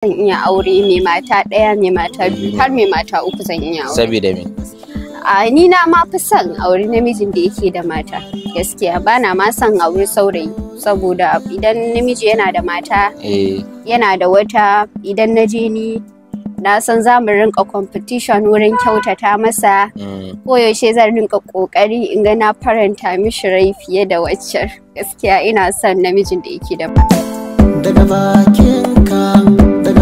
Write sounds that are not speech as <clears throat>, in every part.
zan iya aure mai mata ɗaya mai mata biyu har mai mata uku zan iya aure. Saboda me? A ni na ma fi son aure namijin da yake da mata. Gaskiya ba na ma son aure saurayi saboda idan namiji yana da mata eh. yana da wata idan na je ni na san za mu rinka competition wurin kyautata masa mm. koyaushe zan rinka kokari in ga na faranta mishi rai fiye da waccan gaskiya ina son namijin da yake da mata daga bakin ka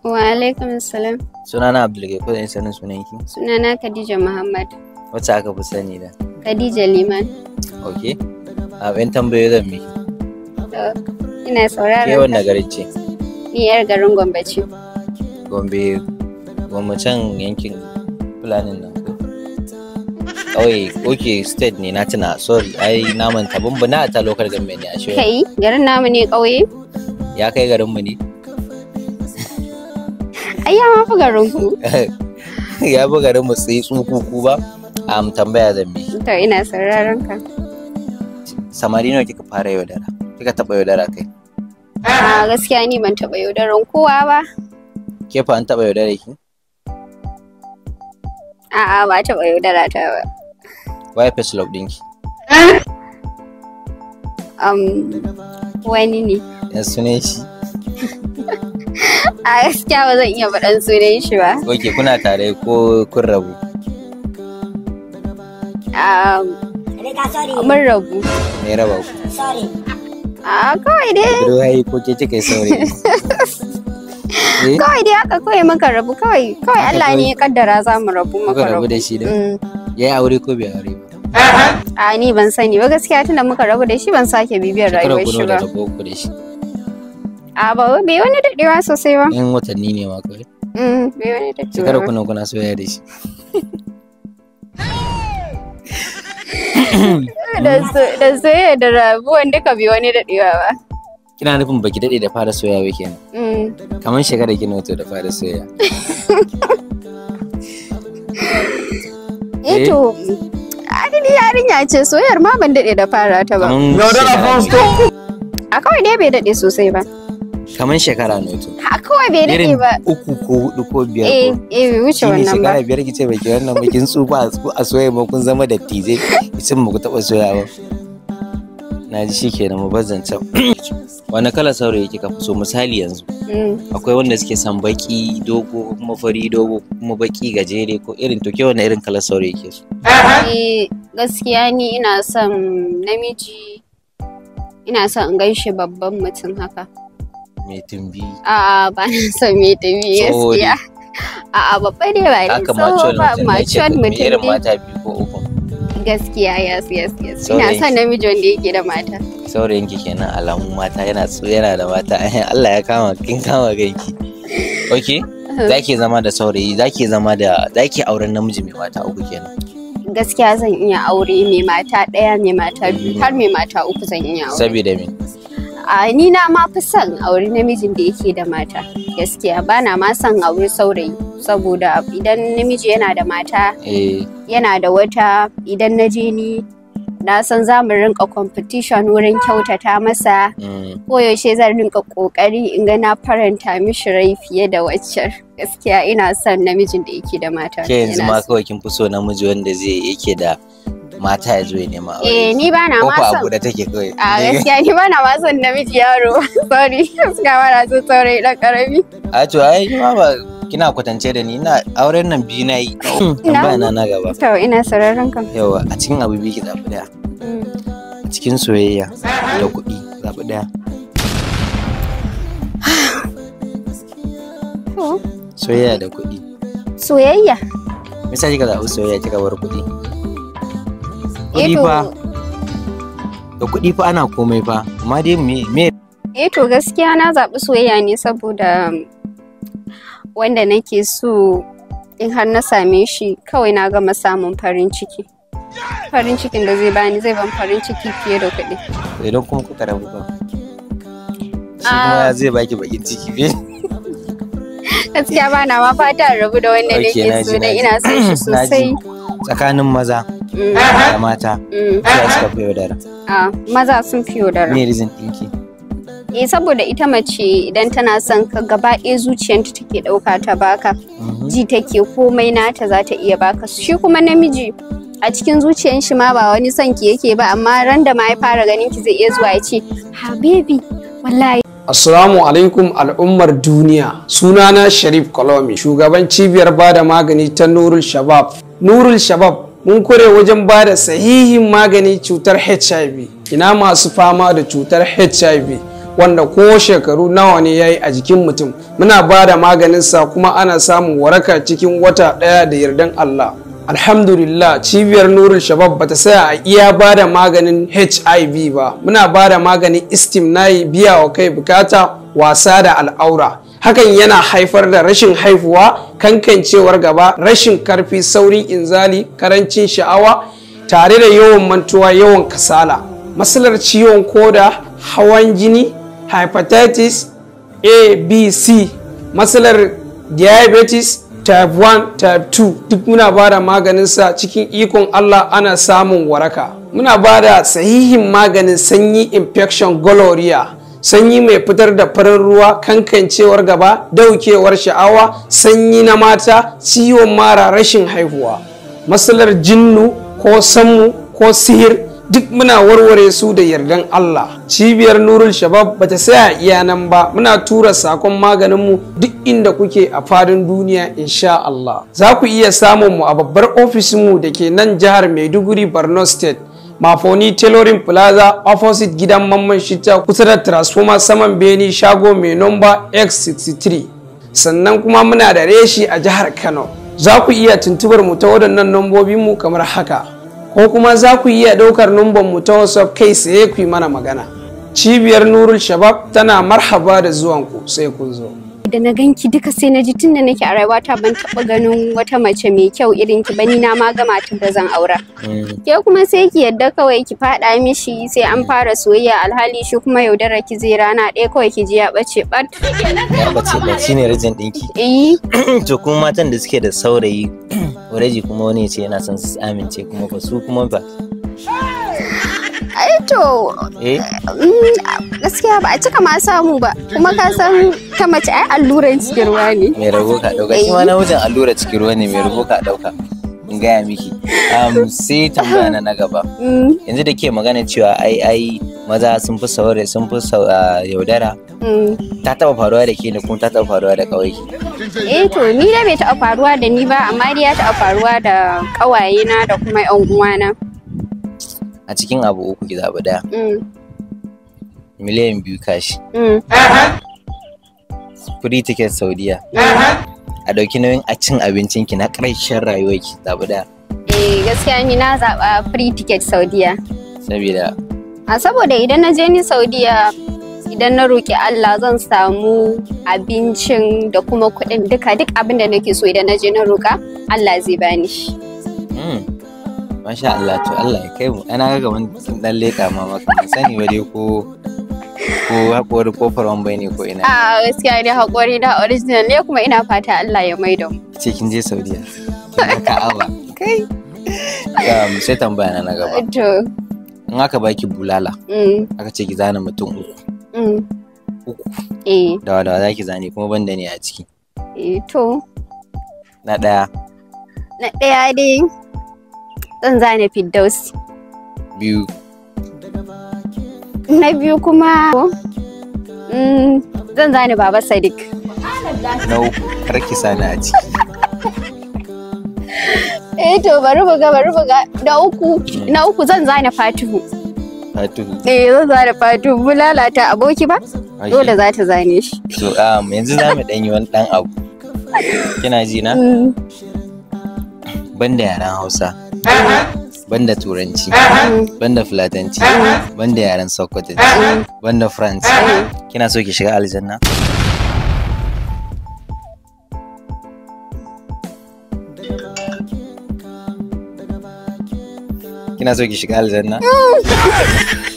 Wa alaikum salam. Sunana Abdulgai ko zan sanin sunanki? Sunana Khadija Muhammad. Wacce aka fi sani da? Khadija Liman. Ok. A yan tambayo zan miki. Ina sauraron. Ke wanda gari ce? Ni yar garin Gombe ce. Gombe Gombe can yankin Fulanin nan. Kawai ok state ne na tuna sorry ai naman manta bumbu na ta lokal gambe ne a shi. Kai garin namu ne kauye? Ya kai garin mu ne. ai ya mafi garin ku <laughs> ya fi garin mu sai tsukuku ba a tambaya zan bi to ina sauraron ka samari nawa kika fara yaudara kika taba yaudara kai a gaskiya ni ban taba yaudaran kowa ba ke fa an taba yaudara ki a'a ba taba yaudara ta ba wai face log dinki um wani ne ya sunan shi a gaskiya ba zan iya faɗan sunan shi ba ok kuna tare ko kun rabu mun rabu me raba ku a kawai dai ruwayi ko ke cika sauri. <laughs> Eh? kawai dai haka kawai maka rabu kawai kawai Allah ne ya kaddara za mu rabu maka rabu da shi da mm. ya yi aure ko bai aure ba a ni ban sani ba gaskiya tunda muka rabu da shi ban sake bibiyar rayuwar shi ba A ah, ba bai wani daɗewa sosai ba. Yan watanni ne ma kawai. Mm, bai wani daɗewa. Shekarar kuna kuna soya da shi. <laughs> Da soya da rabuwan duka bai wani daɗewa ba. Kina nufin baki daɗe da fara soya ba kenan. Mm. Kamar shekarar kina wato da fara soya. <laughs> eto eh, eh? adini yarinya ce soyar ma ban daɗe da fara ta ba. A kawai dai bai daɗe sosai ba. kamar shekara ne to ha kawai bai rike ba uku ko hudu ko biyar eh, ko. eh eh wuce wannan ba shekara biyar kice baki wannan ba kin tsufa a soyayya ba kun zama dattijai sun mu ku taba soya ba na ji shi kenan mu bazanta <coughs> wani kala saurayi kika fi so misali yanzu mm. akwai wanda suke son baki dogo ko kuma fari dogo ko kuma baki gajere ko irin to ke wani irin kala saurayi ke so eh, gaskiya ni ina son namiji ina son in gaishe babban mutum haka mai tumbi a'a ba na <laughs> son mai tumbi gaskiya a'a babba ne ba ne so ba matured mutum irin mata biyu ko uku gaskiya yes yes yes ina son namiji wanda yake da mata saurayin ki kenan alamu mata yana yana da mata <laughs> Allah ya kama kin kama ganki okay <laughs> zaki zama da saurayi zaki zama da zaki auren namiji mai mata uku kenan gaskiya zan iya aure mai mata ɗaya mai mata biyu har mai mata uku zan iya aure saboda me a ni na ma fi son auri namijin da yake da mata gaskiya ba na ma son auri saurayi saboda idan namiji yana da mata eh. yana da wata idan na je ni na san za mu rinka competition wurin kyautata masa mm. ko koyaushe zan rinka kokari in ga na faranta mishi rai fiye da waccan gaskiya ina son namijin da yake da mata ke yanzu ma kawai kin fi so namiji wanda zai yake da mata ya zo ya nema aure eh ni ba na ma son ko take kawai a gaskiya ni ba na ma son namiji yaro <laughs> sorry suka ba na son saurayi dan karami a to ai ma ba kina kwatance da ni ina auren nan biyu na yi ba <laughs> na na gaba to ina sauraron ka yawa a cikin abu biyu ki zabi daya mm. a cikin soyayya da kuɗi zabi daya <sighs> oh. soyayya da kuɗi soyayya misali ka zaɓi soyayya kika bar kuɗi Eh kuɗi fa da kuɗi fa ana komai fa amma dai me eh to gaskiya na zaɓi soyayya ne saboda um, wanda nake so in har na same shi kawai na gama samun farin ciki farin cikin da zai bani zai ban farin ciki fiye da kuɗi idan kuma kuka rabu ba shi ah. zai baki bakin ciki fiye <laughs> gaskiya ba na ma fata rabu da wanda <laughs> nake so da ina son shi <clears throat> sosai tsakanin maza Mm, da mata da suka fi yaudara ah, maza sun fi yaudara me reason ɗinki E, saboda ita mace idan tana son ka gaba ɗaya zuciyarta take ɗauka ta baka mhm. ji take komai nata za ta iya baka shi kuma namiji a cikin zuciyar shi ma ba wani son ki yake ba amma ran da ma ya fara ganin ki zai iya zuwa ya ce habibi wallahi Assalamu alaikum al'ummar duniya sunana Sharif Kolomi shugaban cibiyar bada magani ta Nurul Shabab Nurul Shabab mun kure wajen ba da sahihin magani cutar hiv ina masu fama da cutar hiv wanda ko shekaru nawa ne ya yi a jikin mutum muna ba da maganinsa kuma ana samun waraka cikin wata ɗaya da yardan allah alhamdulillah cibiyar nurin shabab bata saya a iya ba da maganin hiv ba muna ba da maganin yi biya wa kai bukata wasa da al'aura hakan yana haifar da rashin haifuwa kankancewar gaba rashin karfi saurin inzali karancin sha'awa tare da yawan mantuwa yawan kasala matsalar ciwon koda hawan jini hepatitis a b c matsalar diabetes type 1 type 2 duk muna ba da sa, cikin ikon allah ana samun waraka muna ba da sahihin maganin sanyi infection gonorrhea sanyi mai fitar da farin ruwa kankancewar gaba daukewar sha'awa sanyi na mata ciwon mara rashin haihuwa matsalar jinnu ko sammu ko sihir duk muna warware su da yardan Allah cibiyar nurul shabab bata saya iya nan ba muna tura sakon maganinmu duk inda kuke a fadin duniya insha Allah za ku iya samun mu a babbar ofishinmu da ke nan jihar Maiduguri Borno State mafoni tailoring plaza opposite gidan mamman shitta kusa da transformer saman beni shago mai nomba x63 sannan kuma muna da reshi a jihar kano za ku iya tuntubar mu ta waɗannan mu kamar haka ko kuma za ku iya ɗaukar numban mu ta whatsapp kai sai ku yi mana magana cibiyar nurul shabab tana marhaba da zuwanku sai kun zo da na ganki duka sai na ji tun da nake a rayuwata ban taba ganin wata mace mai kyau irin ki bani na ma gama ta da zan aura mm. ke kuma sai ki yadda kawai ki faɗa mishi sai an fara soyayya alhali shi kuma yaudara ki zai rana ɗaya kawai ki ji ya ɓace ɓat ya ɓace ɓat shine rijin ɗinki eh. <clears throat> to kuma matan da suke da saurayi already <clears throat> kuma wani ce yana son su amince kuma ba su kuma ba to eh? mm, gaskiya ba a cika ma samu ba kuma ka san ta mace ai alluran cikin ruwa ne mai rabo ka dauka shi ma namijin allura cikin ruwa ne mai rabo ka dauka in gaya miki sai tambaya na na gaba mm. yanzu da ke magana cewa ai ai maza sun fi saurari sun fi yaudara mm. ta taba faruwa da ke ne kuma ta taba faruwa da kawai eh to ni da bai taba faruwa da ni ba amma dai ya taba faruwa da kawaye na da kuma yan uwana a cikin abu uku ki zaɓi ɗaya mm. miliyan biyu kashi mm. free ticket saudiya mm. a ɗauki nauyin a cin abincinki na ƙarshen ki, zaɓi ɗaya eh gaskiya ni na zaɓa free ticket saudiya saboda a saboda idan na je ni saudiya idan na roƙi Allah zan samu abincin da kuma kuɗin duka duk abin da nake so idan na je na roƙa Allah zai bani shi masha Allah to Allah ya kai mu ana ga gaban sun dan leka ma maka ban sani ba dai ko ko hakori ko faron bai ne ko ina a gaskiya ne hakuri da original ne kuma ina fata Allah ya maida mu ce kin je Saudiya ka awa <laughs> kai um, sai tambaya na gaba to in aka baki bulala mm. aka ce ki zana mutum uku mm. uku eh. da wadawa za ki zane kuma banda ne a ciki eh, to na ɗaya na ɗaya dai zan zane fiddausi biyu na biyu kuma mm, zan zane baba sadiq na uku karki sani a ciki <laughs> eh to bari buga bari buga na uku na uku zan zane fatihu fatihu eh zan zane fatihu mu lalata aboki ba dole za ta zane shi to um yanzu za mu yi wani dan abu kina ji na <laughs> mm. banda yaran hausa banda turanci banda fulatanci banda yaren sokoto banda france kina so ki shiga aljanna kina so ki shiga aljanna <laughs> <laughs>